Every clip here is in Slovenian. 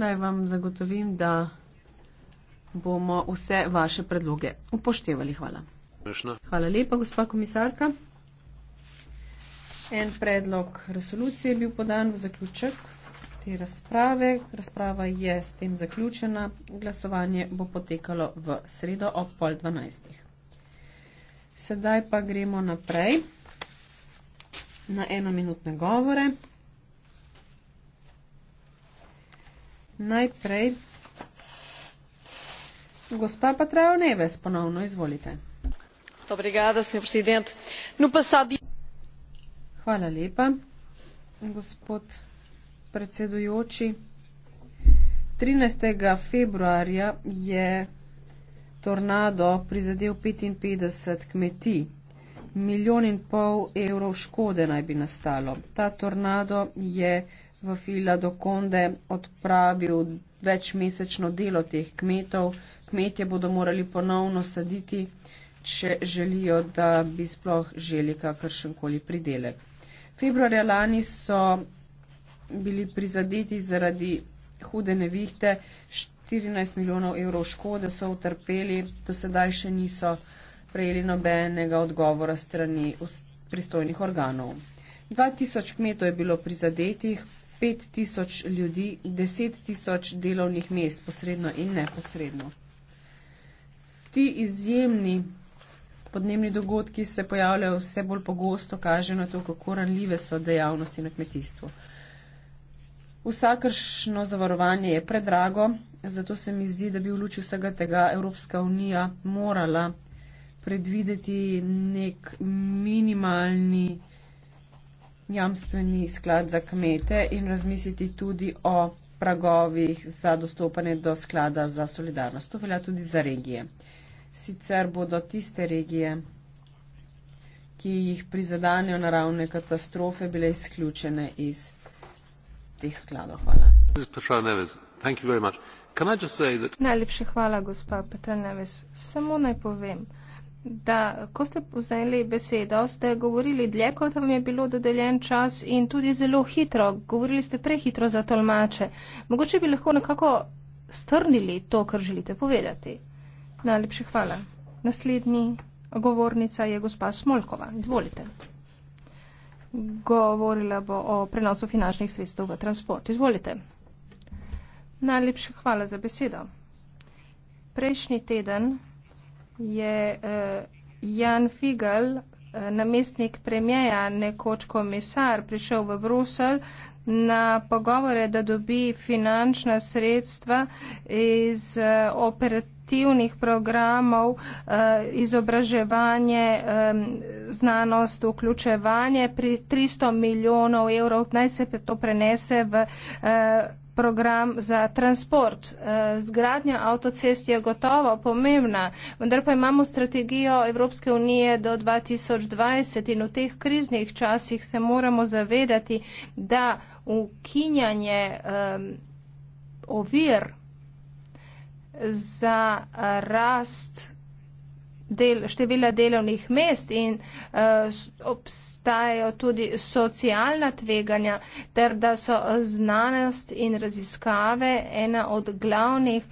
Naj vam zagotovim, da bomo vse vaše predloge upoštevali. Hvala. Vešno. Hvala lepa, gospa komisarka. En predlog resolucije je bil podan v zaključek te razprave. Razprava je s tem zaključena. Glasovanje bo potekalo v sredo ob pol dvanajstih. Sedaj pa gremo naprej na enominutne govore. najprej. Gospa Patrao Neves, ponovno izvolite. Obrigada, no, pasadi... Hvala lepa, gospod predsedujoči. 13. februarja je tornado prizadel 55 kmetij. Milijon in pol evrov škode naj bi nastalo. Ta tornado je v Filadokonde odpravil večmesečno delo teh kmetov. Kmetje bodo morali ponovno saditi, če želijo, da bi sploh želi kakršenkoli pridelek. Februarja lani so bili prizadeti zaradi hude nevihte, 14 milijonov evrov škode so utrpeli, do sedaj še niso prejeli nobenega odgovora strani pristojnih organov. 2000 kmetov je bilo prizadetih, 5 tisoč ljudi, 10 tisoč delovnih mest, posredno in neposredno. Ti izjemni podnebni dogodki se pojavljajo vse bolj pogosto, kaže na to, kako ranljive so dejavnosti na kmetijstvu. Vsakršno zavarovanje je predrago, zato se mi zdi, da bi v luči vsega tega Evropska unija morala predvideti nek minimalni jamstveni sklad za kmete in razmisliti tudi o pragovih za dostopanje do sklada za solidarnost. To velja tudi za regije. Sicer bodo tiste regije, ki jih prizadanejo naravne katastrofe, bile izključene iz teh skladov. Hvala. Najlepše hvala, gospa Petra Neves. Samo naj povem da ko ste vzeli besedo, ste govorili dlje, kot vam je bilo dodeljen čas in tudi zelo hitro. Govorili ste prehitro za tolmače. Mogoče bi lahko nekako strnili to, kar želite povedati. Najlepše hvala. Naslednji govornica je gospa Smolkova. Izvolite. Govorila bo o prenosu finančnih sredstev v transport. Izvolite. Najlepše hvala za besedo. Prejšnji teden je uh, Jan Figel, uh, eh, namestnik premjeja, nekoč komisar, prišel v Brusel na pogovore, da dobi finančna sredstva iz uh, operativnih programov uh, izobraževanje, um, znanost, vključevanje pri 300 milijonov evrov. Naj se to prenese v. Uh, program za transport. Eh, zgradnja avtocest je gotovo pomembna, vendar pa imamo strategijo Evropske unije do 2020 in v teh kriznih časih se moramo zavedati, da ukinjanje um, ovir za rast del, števila delovnih mest in uh, obstajajo tudi socialna tveganja, ter da so znanost in raziskave ena od glavnih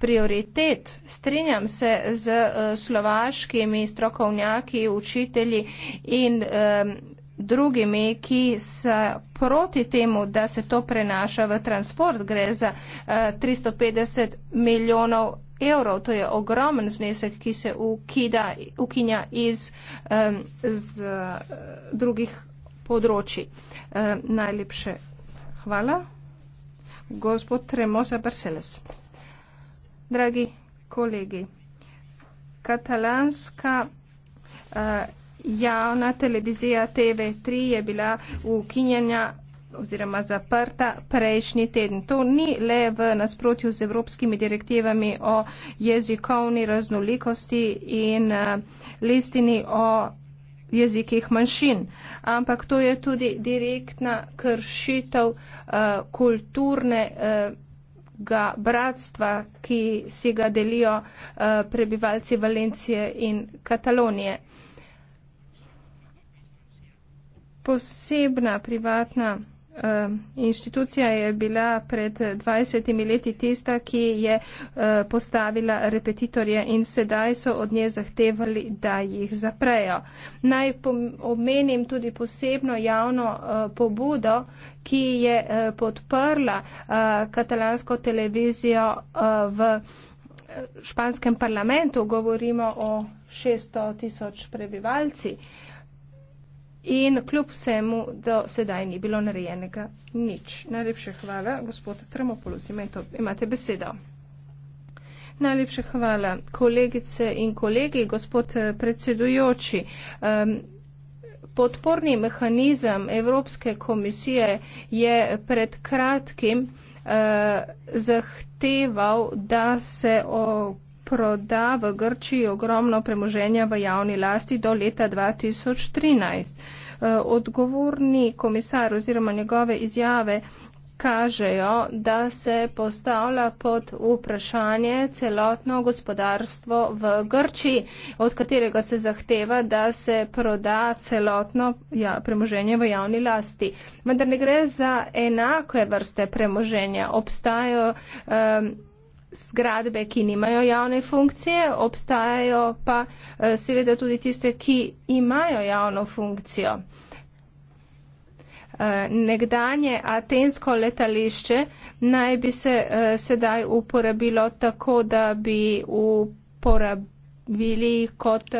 prioritet. Strinjam se z uh, slovaškimi strokovnjaki, učitelji in um, drugimi, ki so proti temu, da se to prenaša v transport. Gre za uh, 350 milijonov evrov, to je ogromen znesek, ki se ukida, ukinja iz, um, iz uh, eh, drugih področji. Uh, eh, najlepše hvala. Gospod Tremosa Barceles. Dragi kolegi, katalanska uh, javna televizija TV3 je bila ukinjena oziroma zaprta prejšnji teden. To ni le v nasprotju z evropskimi direktivami o jezikovni raznolikosti in eh, listini o jezikih manjšin, ampak to je tudi direktna kršitev eh, kulturnega eh, bratstva, ki si ga delijo prebivalci Valencije in Katalonije. Posebna privatna Inštitucija je bila pred 20 leti tista, ki je eh, postavila repetitorje in sedaj so od nje zahtevali, da jih zaprejo. Naj omenim tudi posebno javno eh, pobudo, ki je eh, podprla katalansko televizijo v španskem parlamentu, govorimo o 600 tisoč prebivalci. In kljub vsemu, da sedaj ni bilo narejenega nič. Najlepše hvala, gospod Tremopolus, imate besedo. Najlepše hvala, kolegice in kolegi, gospod eh, predsedujoči. Um, podporni mehanizem Evropske komisije je pred kratkim uh, zahteval, da se o proda v Grčiji ogromno premoženja v javni lasti do leta 2013. E, odgovorni komisar oziroma njegove izjave kažejo, da se postavlja pod vprašanje celotno gospodarstvo v Grčiji, od katerega se zahteva, da se proda celotno ja, premoženje v javni lasti. Vendar ne gre za enake vrste premoženja. Obstajajo um, zgradbe, ki nimajo javne funkcije, obstajajo pa eh, seveda tudi tiste, ki imajo javno funkcijo. Eh, nekdanje atensko letališče naj bi se eh, sedaj uporabilo tako, da bi uporabili kot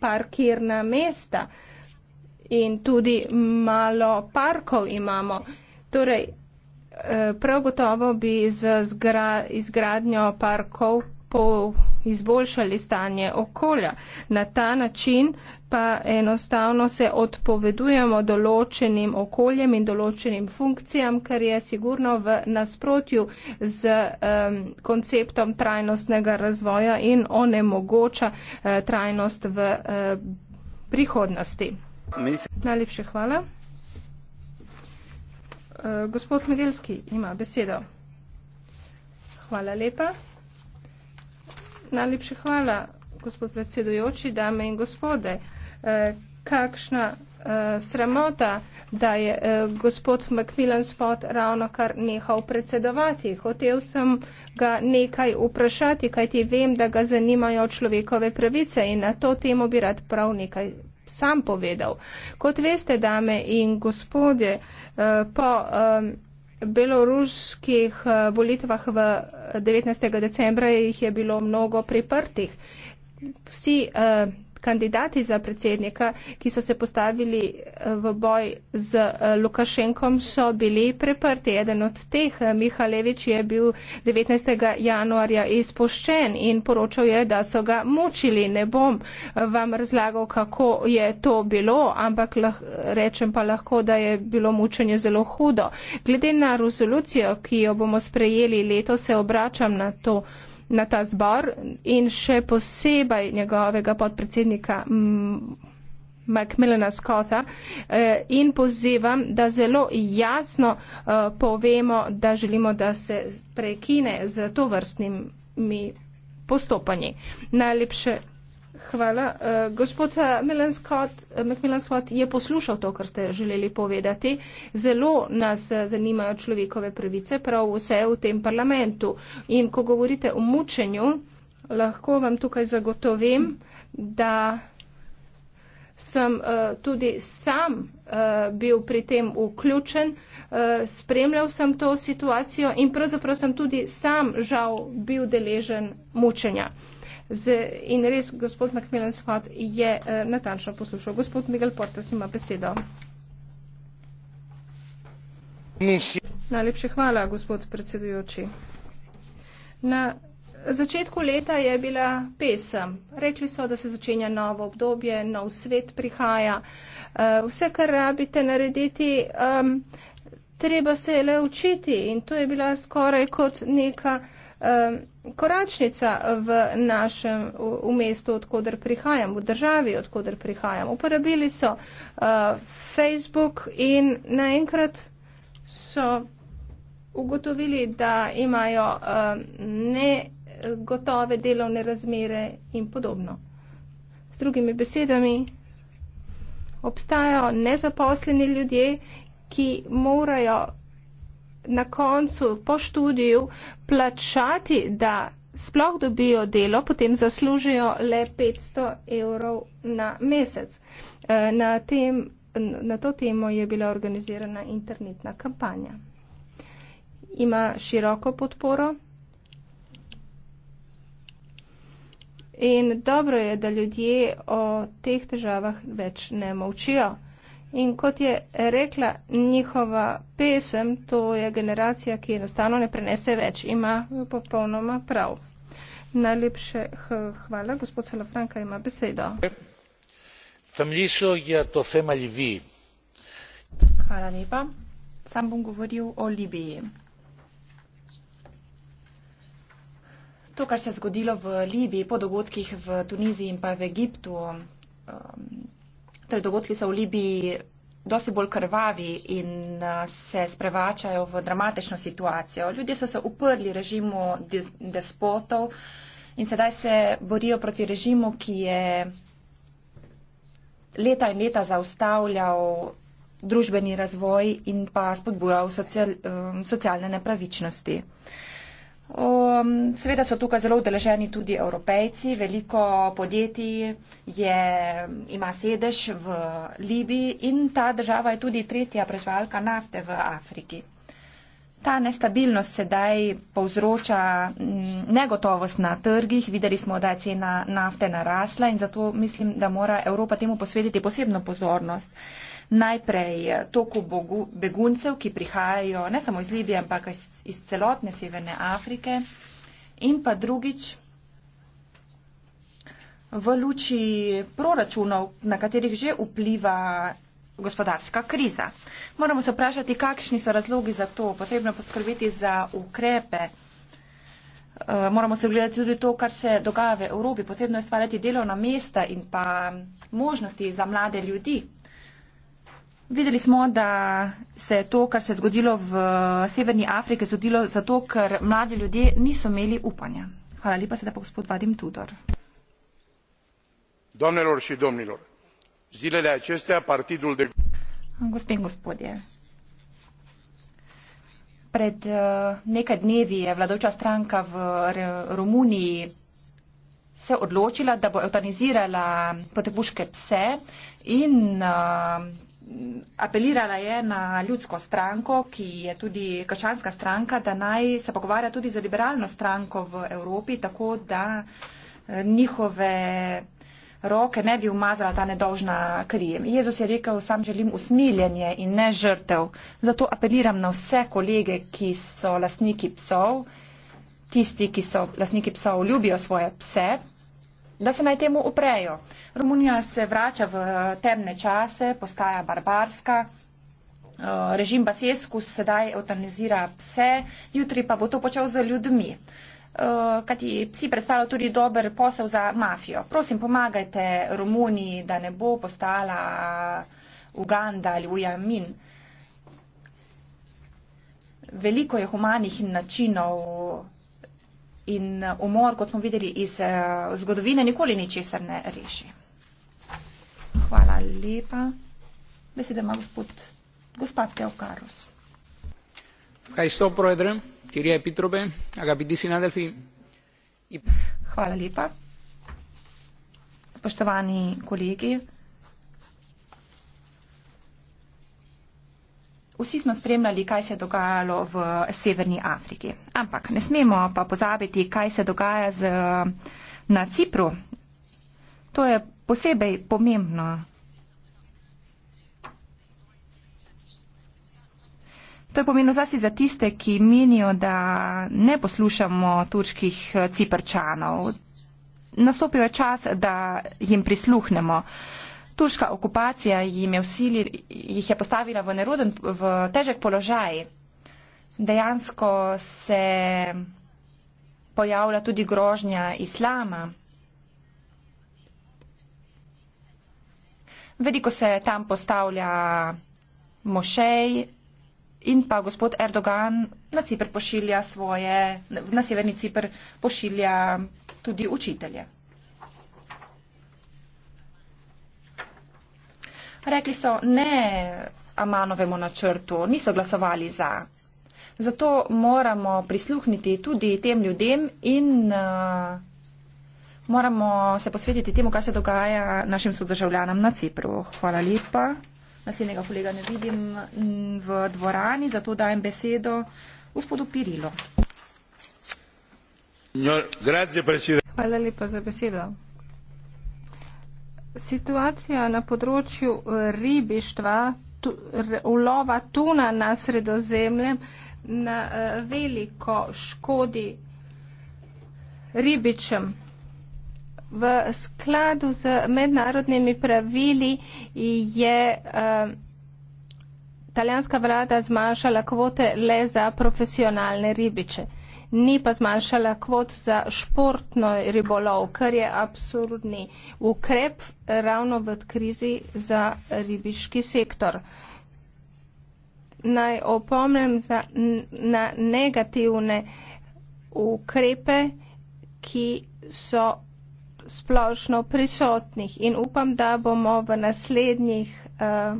parkirna mesta. In tudi malo parkov imamo. Torej, Eh, prav gotovo bi z izgradnjo parkov izboljšali stanje okolja. Na ta način pa enostavno se odpovedujemo določenim okoljem in določenim funkcijam, kar je sigurno v nasprotju z um, konceptom trajnostnega razvoja in onemogoča uh, trajnost v uh, prihodnosti. Najlepše hvala. Eh, gospod Medelski ima besedo. Hvala lepa. Najlepše hvala, gospod predsedujoči, dame in gospode. Eh, kakšna eh, sramota, da je gospod Macmillan Spot ravno kar nehal predsedovati. Hotev sem ga nekaj vprašati, kajti vem, da ga zanimajo človekove pravice in na to temo bi rad prav nekaj sam povedal. Kot veste, dame in gospodje, eh, po eh, beloruskih eh, volitvah v 19. decembra jih je bilo mnogo priprtih. Vsi kandidati za predsednika, ki so se postavili eh, v boj z eh, Lukašenkom, so bili preprti. Eden od teh, eh, Mihalevič, je bil 19. januarja izpuščen in poročal je, da so ga mučili. Ne bom vam razlagal, kako je to bilo, ampak lah, rečem pa lahko, da je bilo mučenje zelo hudo. Glede na rezolucijo, ki jo bomo sprejeli leto, se obračam na to na ta zbor in še posebej njegovega podpredsednika Macmillana Scotta eh, in pozivam, da zelo jasno eh, povemo, da želimo, da se prekine z to vrstnimi postopanji. Najlepše Hvala. Uh, gospod Mekmilan eh, eh, Scott je poslušal to, kar ste želeli povedati. Zelo nas zanimajo človekove pravice, prav vse v tem parlamentu. In ko govorite o mučenju, lahko vam tukaj zagotovim, da sem uh, tudi sam uh, bil pri tem vključen, uh, spremljal sem to situacijo in pravzaprav sem tudi sam žal bil deležen mučenja. Uh, Z, in res, gospod Macmillan Svat je uh, natančno poslušal. Gospod Miguel Portas ima besedo. Niši. Najlepše hvala, gospod predsedujoči. Na začetku leta je bila pesem. Rekli so, da se začenja novo obdobje, nov svet prihaja. Eh, vse, kar rabite narediti, um, treba se je le učiti in to je bila skoraj kot neka koračnica v našem v mestu, odkudar prihajam, v državi, odkudar prihajam. Uporabili so eh, Facebook in naenkrat so ugotovili, da imajo negotove delovne razmere in podobno. Z drugimi besedami, obstajajo nezaposleni ljudje, ki morajo na koncu po študiju plačati, da sploh dobijo delo, potem zaslužijo le 500 evrov na mesec. Eh, na, tem, na to temo je bila organizirana internetna kampanja. Ima široko podporo. In dobro je, da ljudje o teh težavah več ne molčijo. In kot je rekla njihova pesem, to je generacija, ki enostavno ne prenese več. Ima popolnoma prav. Najlepše hvala. Gospod Salafranka ima besedo. Hvala lepa. Sam bom govoril o Libiji. To, kar se je zgodilo v Libiji po dogodkih v Tuniziji in pa v Egiptu, um, Torej, dogodki so v Libiji dosti bolj krvavi in se sprevačajo v dramatično situacijo. Ljudje so se uprli režimu despotov in sedaj se borijo proti režimu, ki je leta in leta zaustavljal družbeni razvoj in pa spodbujal social, socialne nepravičnosti. Um, seveda so tukaj zelo udeleženi tudi evropejci. Veliko podjetij je, ima sedež v Libiji in ta država je tudi tretja prežvalka nafte v Afriki. Ta nestabilnost sedaj povzroča mm, negotovost na trgih. Videli smo, da je cena nafte narasla in zato mislim, da mora Evropa temu posvetiti posebno pozornost. Uh, najprej eh, toku beguncev, ki prihajajo ne samo iz Libije, ampak iz, iz celotne Severne Afrike. In pa drugič, v luči proračunov, na katerih že vpliva gospodarska kriza. Moramo se vprašati, kakšni so razlogi za to. Potrebno je poskrbeti za ukrepe. Eh, moramo se gledati tudi to, kar se dogaja v Evropi. Potrebno je stvarjati delovna mesta in pa možnosti za mlade ljudi. Videli smo, da se je to, kar se je zgodilo v Severni Afriki, zgodilo zato, ker mladi ljudje niso imeli upanja. Hvala lepa sedaj pa gospod Vadim Tudor. Domnilor in domnilor, zilele acestea partidul de... Gospe in gospodje, pred uh, nekaj dnevi je vladoča stranka v Romuniji se odločila, da bo eutanizirala potepuške pse in uh, apelirala je na ljudsko stranko, ki je tudi krščanska stranka, da naj se pogovarja tudi za liberalno stranko v Evropi, tako da eh, njihove roke ne bi umazala ta nedolžna kri. Jezus je rekel, sam želim usmiljenje in ne žrtev. Zato apeliram na vse kolege, ki so lastniki psov, tisti, ki so lastniki psov, ljubijo svoje pse, da se naj temu uprejo. Romunija se vrača v temne čase, postaja barbarska. Eh, režim Basijesku sedaj eutanizira pse, jutri pa bo to počel z ljudmi. Eh, Kati psi predstavljajo tudi dober posel za mafijo. Prosim, pomagajte Romuniji, da ne bo postala Uganda ali Ujamin. Veliko je humanih načinov In eh, umor, kot smo videli iz eh, zgodovine, nikoli ni česar ne reši. Hvala lepa. Beseda ima gospod, gospod Teokaros. Hvala lepa, kjer je Pitrobe, agabidi si nadelfi. Hvala lepa. Spoštovani kolegi. Vsi smo spremljali, kaj se je dogajalo v Severni Afriki. Ampak ne smemo pa pozabiti, kaj se dogaja z, na Cipru. To je posebej pomembno. To je pomembno zasi za tiste, ki menijo, da ne poslušamo turških eh, ciprčanov. Nastopil je čas, da jim prisluhnemo turška okupacija jim je vsili, jih je postavila v neruden, v težek položaj. Dejansko se pojavlja tudi grožnja islama. Veliko se tam postavlja mošej in pa gospod Erdogan na Cipr pošilja svoje, na severni Cipr pošilja tudi učitelje. Rekli so ne Amanovemu načrtu, niso glasovali za. Zato moramo prisluhniti tudi tem ljudem in uh, moramo se posvetiti temu, kaj se dogaja našim sodržavljanom na Cipru. Hvala lepa. Naslednjega kolega ne vidim mm, v dvorani, zato dajem besedo gospodu Pirilo. Hvala lepa za besedo. Situacija na področju eh, ribištva, tu, r, ulova tuna na sredozemljem, na uh, veliko škodi ribičem. V skladu z mednarodnimi pravili je uh, italijanska vlada zmanjšala kvote le za profesionalne ribiče ni pa zmanjšala kvot za športno ribolov, kar je absurdni ukrep ravno v krizi za ribiški sektor. Naj opomnem za, na negativne ukrepe, ki so splošno prisotnih in upam, da bomo v naslednjih uh,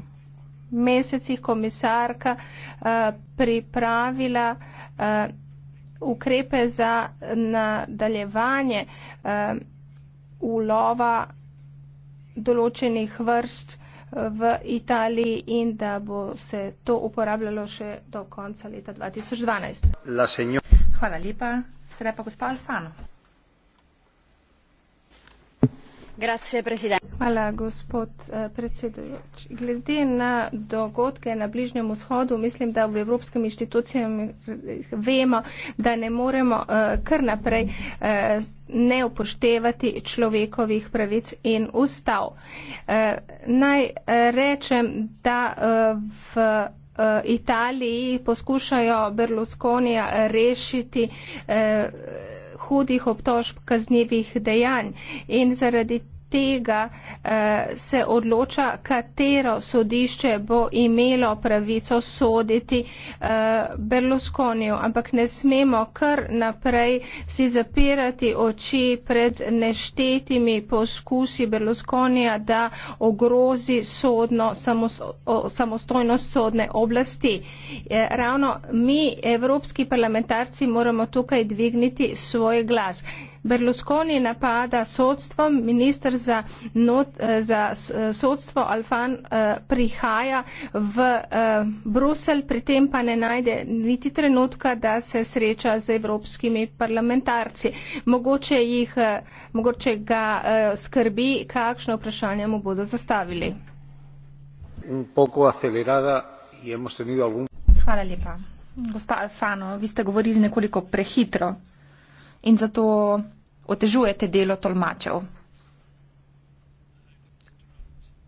mesecih komisarka uh, pripravila uh, ukrepe za nadaljevanje uh, ulova določenih vrst eh, v Italiji in da bo se to uporabljalo še do konca leta 2012. Hvala lepa. Sedaj pa gospa Alfano. Hvala, gospod eh, predsedujoč. Glede na dogodke na Bližnjem vzhodu, mislim, da v evropskem inštitucijem vemo, da ne moremo eh, kar naprej eh, ne upoštevati človekovih pravic in ustav. Naj rečem, da v. Italiji poskušajo Berlusconija rešiti eh, hudih obtožb kaznjevih dejanj in zaradi tega eh, se odloča, katero sodišče bo imelo pravico soditi eh, Berlusconijo. Ampak ne smemo kar naprej si zapirati oči pred neštetimi poskusi Berlusconija, da ogrozi sodno samos samostojnost sodne oblasti. Eh, ravno mi, evropski parlamentarci, moramo tukaj dvigniti svoj glas. Berlusconi napada sodstvo, ministr za, not, eh, za eh, sodstvo Alfan eh, prihaja v Bruselj, pri tem pa ne najde niti trenutka, da se sreča z evropskimi parlamentarci. Mogoče, jih, mogoče ga skrbi, kakšno vprašanje mu bodo zastavili. Hvala lepa. Gospa Alfano, vi ste govorili nekoliko prehitro in zato otežujete delo tolmačev.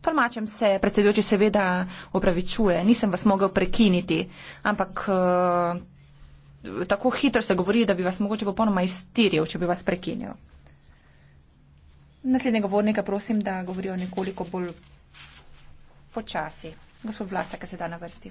Tolmačem se predsedujoči seveda opravičuje, nisem vas mogel prekiniti, ampak eh, tako hitro se govori, da bi vas mogoče popolnoma iztiril, če bi vas prekinil. Naslednjega govornika prosim, da govorijo nekoliko bolj počasi. Gospod Vlasa, kaj se da na vrsti?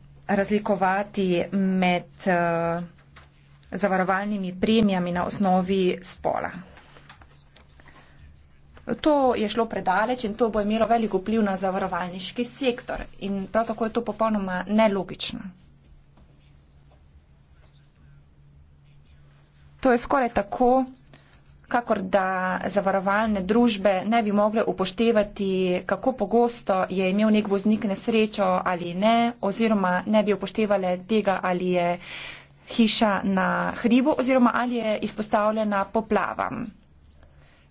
razlikovati med eh, zavarovalnimi premijami na osnovi spola. To je šlo predaleč in to bo imelo veliko vpliv na zavarovalniški sektor in prav tako je to popolnoma nelogično. To je skoraj tako, kakor da zavarovalne družbe ne bi mogle upoštevati, kako pogosto je imel nek voznik nesrečo ali ne, oziroma ne bi upoštevale tega, ali je hiša na hribu oziroma ali je izpostavljena poplavam.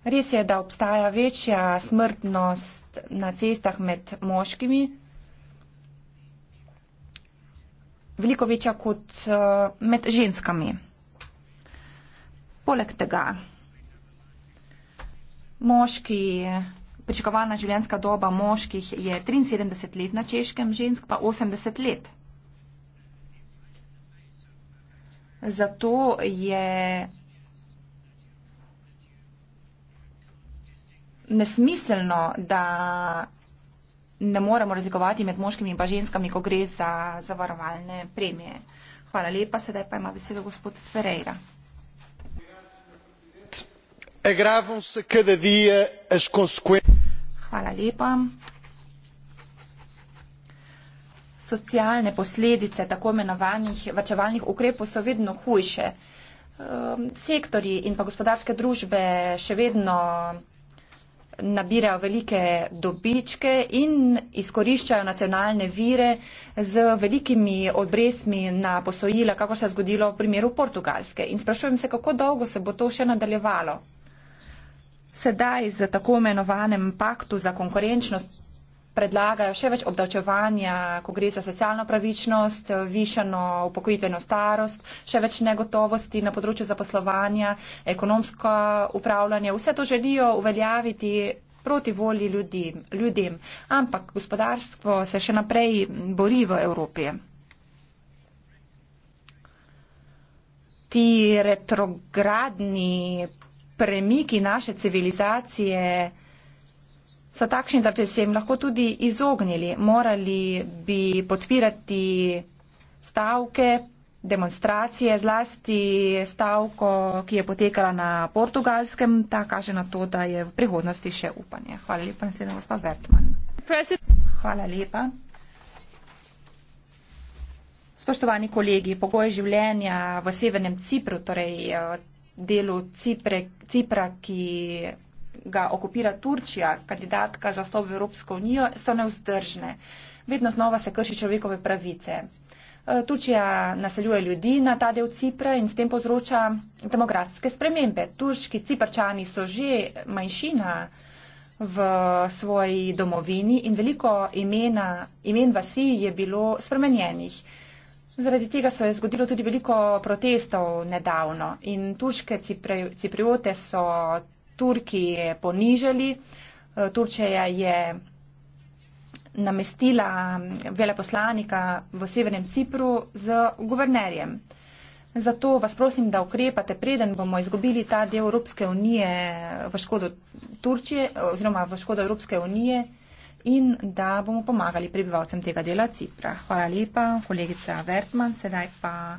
Res je, da obstaja večja smrtnost na cestah med moškimi, veliko večja kot eh, med ženskami. Poleg tega, moški, pričakovana življenjska doba moških je 73 let na češkem, žensk pa 80 let. Zato je nesmiselno, da ne moremo razlikovati med moškimi in pa ženskami, ko gre za zavarovalne premije. Hvala lepa, sedaj pa ima besedo gospod Ferreira agravam se cada dia as socialne posledice tako imenovanih varčevalnih ukrepov so vedno hujše. Ehm, Sektori in pa gospodarske družbe še vedno nabirajo velike dobičke in izkoriščajo nacionalne vire z velikimi obrestmi na posojila, kako se je zgodilo v primeru Portugalske. In sprašujem se, kako dolgo se bo to še nadaljevalo sedaj z tako imenovanem paktu za konkurenčnost predlagajo še več obdavčevanja, ko gre za socialno pravičnost, višano upokojitveno starost, še več negotovosti na področju zaposlovanja, ekonomsko upravljanje. Vse to želijo uveljaviti proti volji ljudim, ljudem, ampak gospodarstvo se še naprej bori v Evropi. Ti retrogradni premiki naše civilizacije so takšni, da bi se jim lahko tudi izognili. Morali bi podpirati stavke, demonstracije, zlasti stavko, ki je potekala na portugalskem, ta kaže na to, da je v prihodnosti še upanje. Hvala lepa, naslednja gospa Vertman. Hvala lepa. Spoštovani kolegi, pogoje življenja v severnem Cipru, torej eh, delu Cipre, Cipra, ki ga okupira Turčija, kandidatka za stop v Evropsko unijo, so neuzdržne. Vedno znova se krši človekove pravice. E, Turčija naseljuje ljudi na ta del Cipra in s tem povzroča demografske spremembe. Turški ciprčani so že manjšina v svoji domovini in veliko imena, imen vasi je bilo spremenjenih. Zaradi tega se je zgodilo tudi veliko protestov nedavno in turške cipriote so Turki ponižali. Eh, Turčija je namestila veleposlanika v severnem Cipru z guvernerjem. Zato vas prosim, da ukrepate, preden bomo izgubili ta del Evropske unije v škodo Turčije eh, oziroma v škodo Evropske unije in da bomo pomagali prebivalcem tega dela Cipra. Hvala lepa, kolegica Vertman, sedaj pa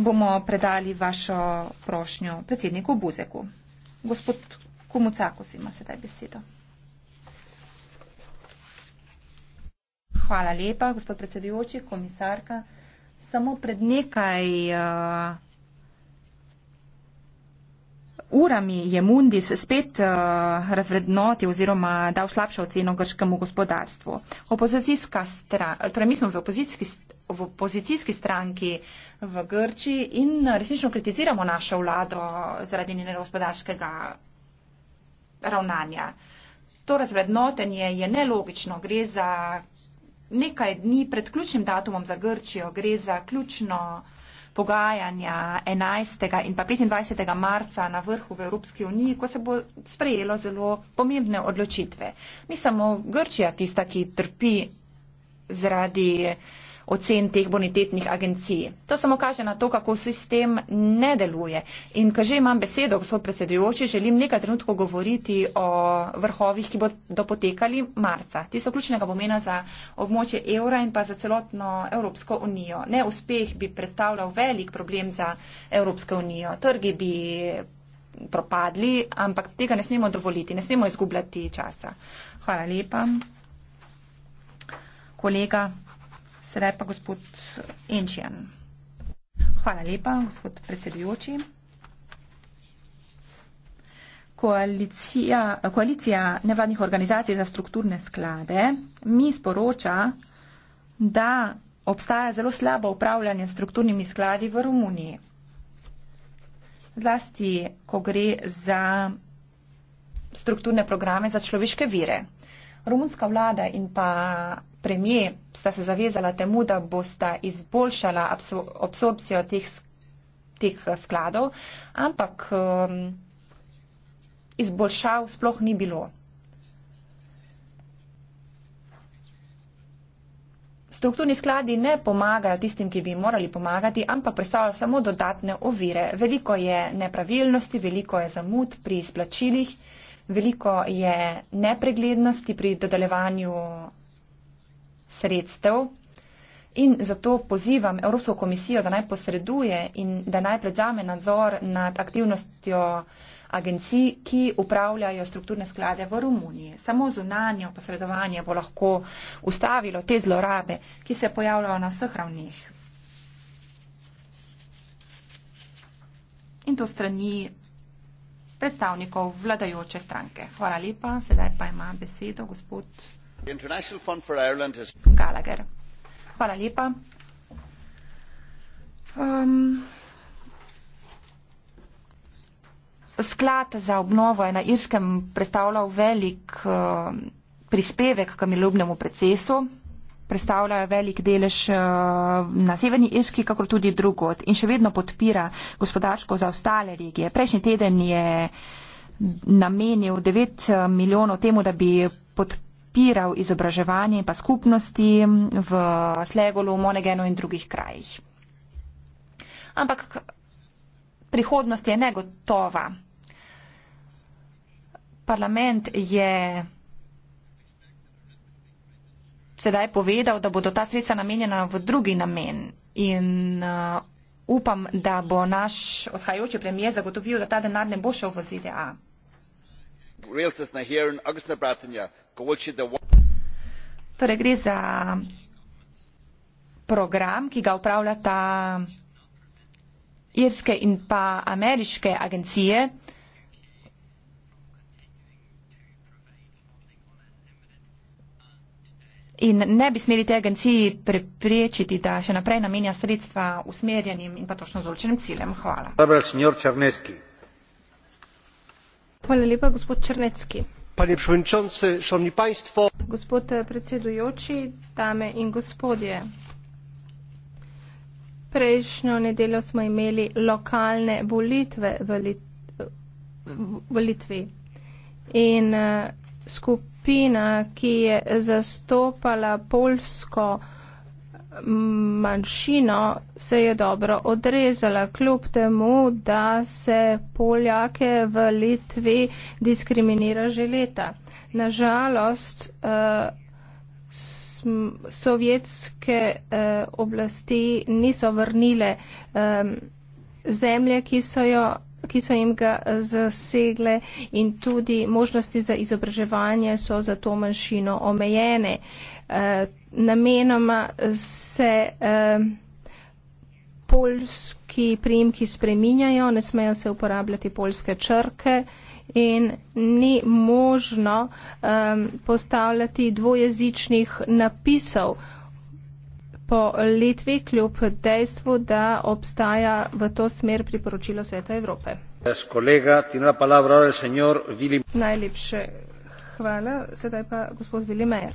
bomo predali vašo prošnjo predsedniku Buzeku. Gospod Kumucakos ima sedaj besedo. Hvala lepa, gospod predsedujoči, komisarka. Samo pred nekaj uh, urami je Mundis spet uh, razvrednotil oziroma dal slabšo oceno grškemu gospodarstvu. Stra, torej mi smo v opozicijski, v opozicijski stranki v Grči in resnično kritiziramo našo vlado zaradi njenega gospodarskega ravnanja. To razvrednotenje je nelogično. Gre za nekaj dni pred ključnim datumom za Grčijo, gre za ključno pogajanja 11. in pa 25. marca na vrhu v Evropski uniji, ko se bo sprejelo zelo pomembne odločitve. Ni samo Grčija tista, ki trpi zaradi ocen teh bonitetnih agencij. To samo kaže na to, kako sistem ne deluje. In ker že imam besedo, gospod predsedujoči, želim nekaj trenutkov govoriti o vrhovih, ki bodo potekali marca. Ti so ključnega pomena za območje evra in pa za celotno Evropsko unijo. Neuspeh bi predstavljal velik problem za Evropsko unijo. Trgi bi propadli, ampak tega ne smemo dovoliti, ne smemo izgubljati časa. Hvala lepa. Kolega Sedaj pa gospod Enčijan. Hvala lepa, gospod predsedujoči. Koalicija, koalicija nevladnih organizacij za strukturne sklade mi sporoča, da obstaja zelo slabo upravljanje s strukturnimi skladi v Romuniji. Zlasti, ko gre za strukturne programe za človeške vire. Romunska vlada in pa premije sta se zavezala temu, da bosta izboljšala absorpcijo teh, teh eh, skladov, ampak um, izboljšav sploh ni bilo. Strukturni skladi ne pomagajo tistim, ki bi morali pomagati, ampak predstavljajo samo dodatne ovire. Veliko je nepravilnosti, veliko je zamud pri izplačilih, veliko je nepreglednosti pri dodeljevanju sredstev. In zato pozivam Evropsko komisijo, da naj posreduje in da naj predzame nadzor nad aktivnostjo agencij, ki upravljajo strukturne sklade v Romuniji. Samo zunanje posredovanje bo lahko ustavilo te zlorabe, ki se pojavljajo na vseh ravnih. In to strani predstavnikov vladajoče stranke. Hvala lepa. Sedaj pa ima besedo gospod. Gallagher. Hvala lepa. Um, sklad za obnovo je na Irskem predstavljal velik uh, prispevek k miroljubnemu procesu predstavljajo velik delež uh, na severni Irski, kakor tudi drugot in še vedno podpira gospodarsko za ostale regije. Prejšnji teden je namenil 9 uh, milijonov temu, da bi podprl podpiral izobraževanje in pa skupnosti v Slegolu, Monegenu in drugih krajih. Ampak prihodnost je negotova. Parlament je sedaj povedal, da bodo ta sredstva namenjena v drugi namen in uh, upam, da bo naš odhajajoči premijer zagotovil, da ta denar ne bo šel v ZDA rialtas na héireann agus na Breataine go bhfuil siad Torej gre za program, ki ga upravljata irske in pa ameriške agencije. In ne bi smeli te agenciji preprečiti, da še naprej namenja sredstva usmerjenim in pa točno določenim ciljem. Hvala. Dobre, Hvala lepa, gospod Črnecki. Panie przewodniczący, szanowni państwo. Gospod predsedujoči, dame in gospodje. Prejšnjo nedeljo smo imeli lokalne volitve v, Lit v Litvi. In eh, skupina, ki je zastopala polsko manjšino se je dobro odrezala, kljub temu, da se Poljake v Litvi diskriminira že leta. Nažalost, eh, sovjetske eh, oblasti niso vrnile eh, zemlje, ki so jo ki so jim ga zasegle in tudi možnosti za izobraževanje so za to manjšino omejene. Uh, Eh, namenoma se uh, eh, polski prijemki spreminjajo, ne smejo se uporabljati polske črke in ni možno um, postavljati dvojezičnih napisov po Litvi, kljub dejstvu, da obstaja v to smer priporočilo Sveta Evrope. Kolega, palabra, señor, Najlepše hvala, sedaj pa gospod Vili Mejer.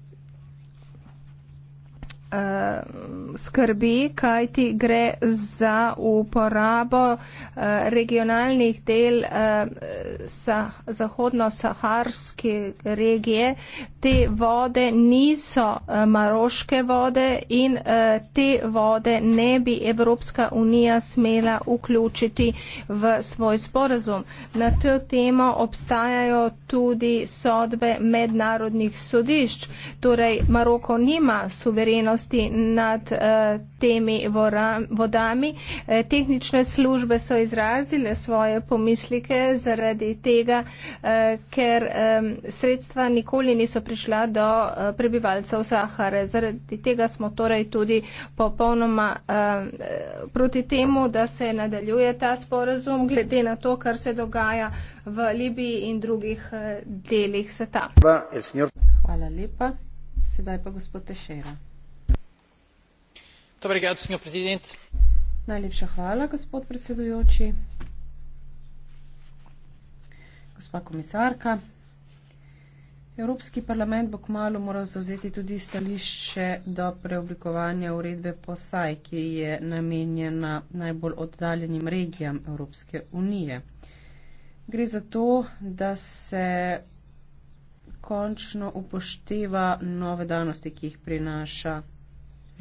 Eh, skrbi, kaj ti gre za uporabo eh, regionalnih del eh, zahodno-saharske regije. Te vode niso maroške vode in te vode ne bi Evropska unija smela vključiti v svoj sporazum. Na to temo obstajajo tudi sodbe mednarodnih sodišč. Torej, Maroko nima suverenosti varnosti nad eh, temi vodami. Eh, tehnične službe so izrazile svoje pomislike zaradi tega, eh, ker sredstva nikoli niso prišla do prebivalcev Sahare. Zaradi tega smo torej tudi popolnoma proti temu, da se nadaljuje ta sporazum, glede na to, kar se dogaja v Libiji in drugih delih sveta. Hvala lepa. Sedaj pa gospod Tešera. Najlepša hvala, gospod predsedujoči. Gospa komisarka. Evropski parlament bo kmalo moral zauzeti tudi stališče do preoblikovanja uredbe POSAJ, ki je namenjena najbolj oddaljenim regijam Evropske unije. Gre za to, da se končno upošteva nove danosti, ki jih prinaša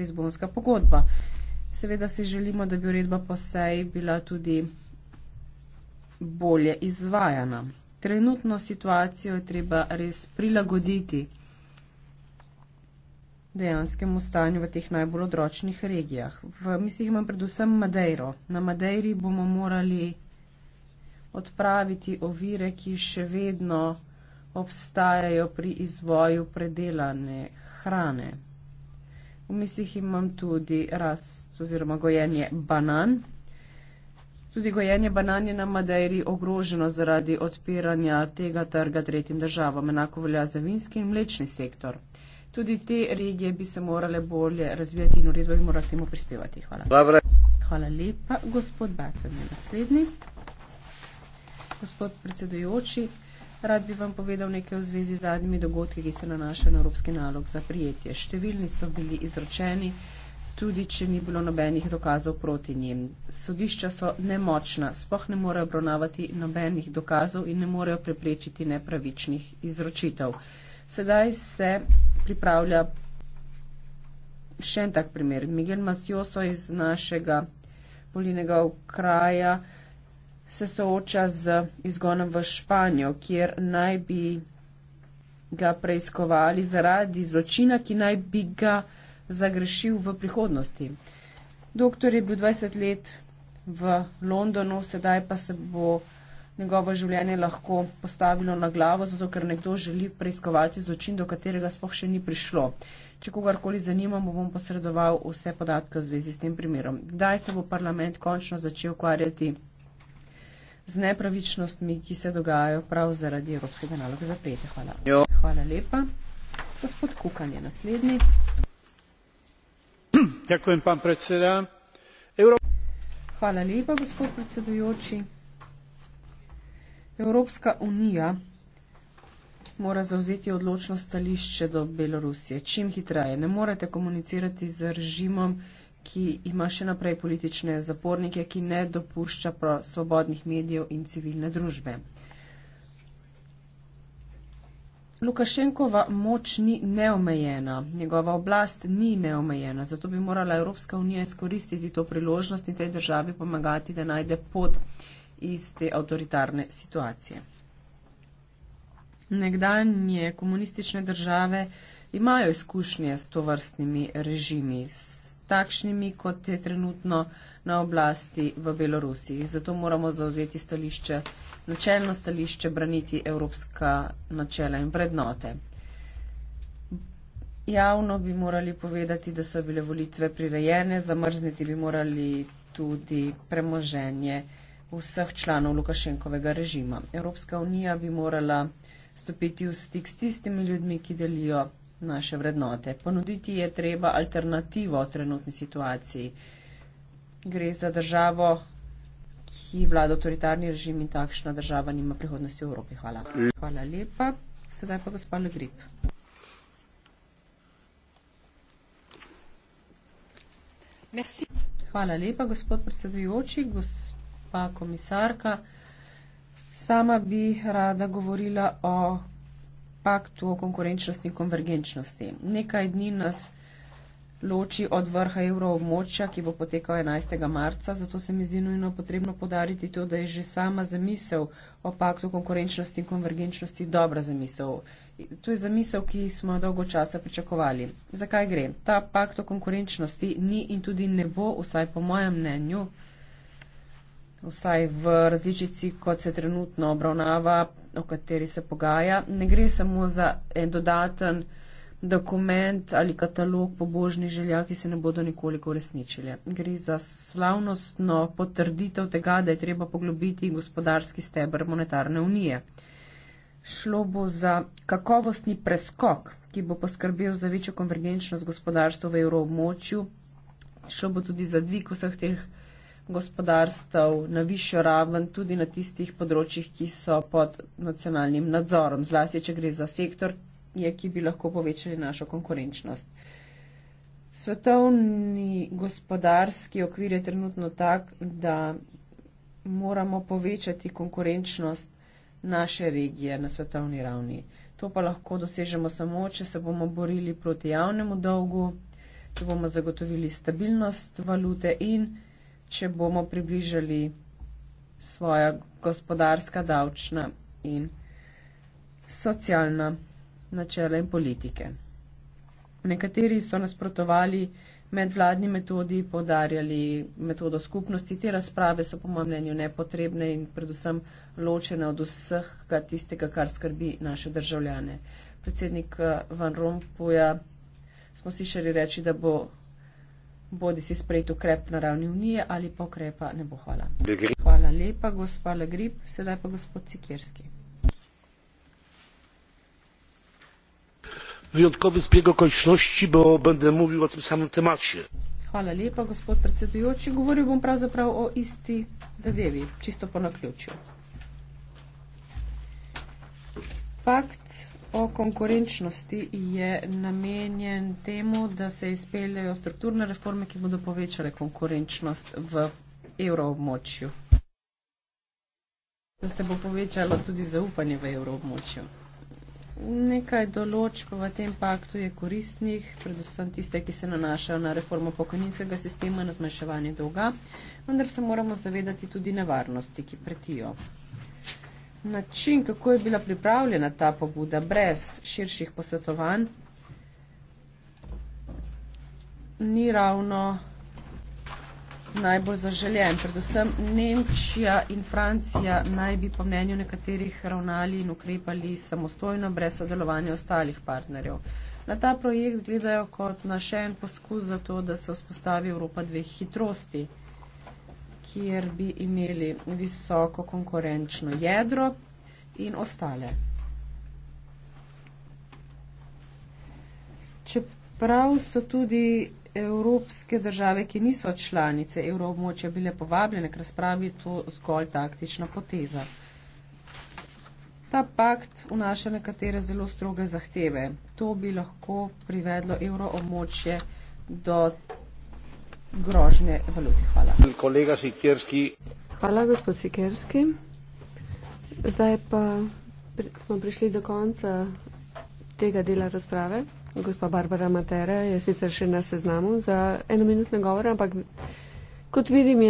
Lizbonska pogodba. Seveda si želimo, da bi uredba po seji bila tudi bolje izvajana. Trenutno situacijo je treba res prilagoditi dejanskemu stanju v teh najbolj odročnih regijah. V mislih imam predvsem Madeiro. Na Madeiri bomo morali odpraviti ovire, ki še vedno obstajajo pri izvoju predelane hrane. V mislih imam tudi rast oziroma gojenje banan. Tudi gojenje banan je na Madeiri ogroženo zaradi odpiranja tega trga tretjim državam. Enako velja za vinski in mlečni sektor. Tudi te regije bi se morale bolje razvijati in uredbo bi morali temu prispevati. Hvala. Dobre. Hvala lepa. Gospod Batem je naslednji. Gospod predsedujoči. Rad bi vam povedal nekaj v zvezi z zadnjimi dogodki, ki se nanašajo na evropski nalog za prijetje. Številni so bili izročeni, tudi če ni bilo nobenih dokazov proti njim. Sodišča so nemočna, spoh ne morejo obravnavati nobenih dokazov in ne morejo preprečiti nepravičnih izročitev. Sedaj se pripravlja še en tak primer. Miguel Masioso iz našega polinega okraja se sooča z izgonom v Španijo, kjer naj bi ga preiskovali zaradi zločina, ki naj bi ga zagrešil v prihodnosti. Doktor je bil 20 let v Londonu, sedaj pa se bo njegovo življenje lahko postavilo na glavo, zato ker nekdo želi preiskovati zločin, do katerega spoh še ni prišlo. Če kogarkoli zanimamo, bom posredoval vse podatke v zvezi s tem primerom. Kdaj se bo parlament končno začel ukvarjati? z nepravičnostmi, ki se dogajajo prav zaradi evropskega naloga za pete. Hvala. Jo. Hvala lepa. Gospod Kukan je naslednji. Dakujem, pan predseda. Euro... Hvala lepa, gospod predsedujoči. Evropska unija mora zauzeti odločno stališče do Belorusije. Čim hitreje. Ne morete komunicirati z režimom, ki ima še naprej politične zapornike, ki ne dopušča svobodnih medijev in civilne družbe. Lukašenkova moč ni neomejena, njegova oblast ni neomejena, zato bi morala Evropska unija izkoristiti to priložnost in tej državi pomagati, da najde pot iz te avtoritarne situacije. Nekdanje komunistične države imajo izkušnje s to vrstnimi režimi, s takšnimi, kot je trenutno na oblasti v Belorusiji. Zato moramo zauzeti stališče, načelno stališče, braniti evropska načela in vrednote. Javno bi morali povedati, da so bile volitve prirejene, zamrzniti bi morali tudi premoženje vseh članov Lukašenkovega režima. Evropska unija bi morala stopiti v stik s tistimi ljudmi, ki delijo naše vrednote. Ponuditi je treba alternativo trenutni situaciji. Gre za državo, ki vlada autoritarni režim in takšna država nima prihodnosti v Evropi. Hvala. Hvala lepa. Sedaj pa gospod Legrip. Merci. Hvala lepa, gospod predsedujoči, gospa komisarka. Sama bi rada govorila o paktu o konkurenčnosti in konvergenčnosti. Nekaj dni nas loči od vrha evroobmočja, ki bo potekal 11. marca, zato se mi zdi nujno potrebno podariti to, da je že sama zamisel o paktu konkurenčnosti in konvergenčnosti dobra zamisel. To je zamisel, ki smo dolgo časa pričakovali. Zakaj gre? Ta pakt o konkurenčnosti ni in tudi ne bo, vsaj po mojem mnenju, vsaj v različici, kot se trenutno obravnava, o kateri se pogaja. Ne gre samo za en dodaten dokument ali katalog pobožnih želja, ki se ne bodo nikoli uresničile. Gre za slavnostno potrditev tega, da je treba poglobiti gospodarski stebr monetarne unije. Šlo bo za kakovostni preskok, ki bo poskrbel za večjo konvergenčnost gospodarstva v evroobmočju. Šlo bo tudi za dvig vseh teh gospodarstv na višjo raven, tudi na tistih področjih, ki so pod nacionalnim nadzorom, zlasti, če gre za sektor, je, ki bi lahko povečali našo konkurenčnost. Svetovni gospodarski okvir je trenutno tak, da moramo povečati konkurenčnost naše regije na svetovni ravni. To pa lahko dosežemo samo, če se bomo borili proti javnemu dolgu, če bomo zagotovili stabilnost valute in če bomo približali svoja gospodarska, davčna in socialna načela in politike. Nekateri so nasprotovali medvladni metodi, podarjali metodo skupnosti. Te razprave so po mojem mnenju nepotrebne in predvsem ločene od vsega tistega, kar skrbi naše državljane. Predsednik eh, Van Rompuja smo slišali reči, da bo bodi si sprejet ukrep na ravni unije ali pa ukrepa ne bo hvala. Hvala lepa, gospod Legrip, sedaj pa gospod Cikirski. Vyjątkowy zbieg okoliczności, bo będę mówił o tym samym temacie. Hvala lepa, gospod predsedujoči. Govoril bom pravzaprav o isti zadevi, čisto po naključju. Pakt o konkurenčnosti je namenjen temu, da se izpeljajo strukturne reforme, ki bodo povečale konkurenčnost v evroobmočju. Da se bo povečalo tudi zaupanje v evroobmočju. Nekaj določb v tem paktu je koristnih, predvsem tiste, ki se nanašajo na reformo pokojninskega sistema, na zmanjševanje dolga, vendar se moramo zavedati tudi nevarnosti, ki pretijo način, kako je bila pripravljena ta pobuda, brez širših posvetovanj, ni ravno najbolj zaželjen. Predvsem Nemčija in Francija naj bi po mnenju nekaterih ravnali in ukrepali samostojno, brez sodelovanja ostalih partnerjev. Na ta projekt gledajo kot na še en poskus za to, da se vzpostavi Evropa dveh hitrosti kjer bi imeli visoko konkurenčno jedro in ostale. Čeprav so tudi evropske države, ki niso članice evroobmočja, bile povabljene k razpravi, to zgolj taktična poteza. Ta pakt vnaša nekatere zelo stroge zahteve. To bi lahko privedlo evroobmočje do grožnje valuti. Hvala. Kolega Sikerski. Hvala, gospod Sikerski. Zdaj pa smo prišli do konca tega dela razprave. Gospa Barbara Matera je sicer še na seznamu za enominutne govore, ampak kot vidim,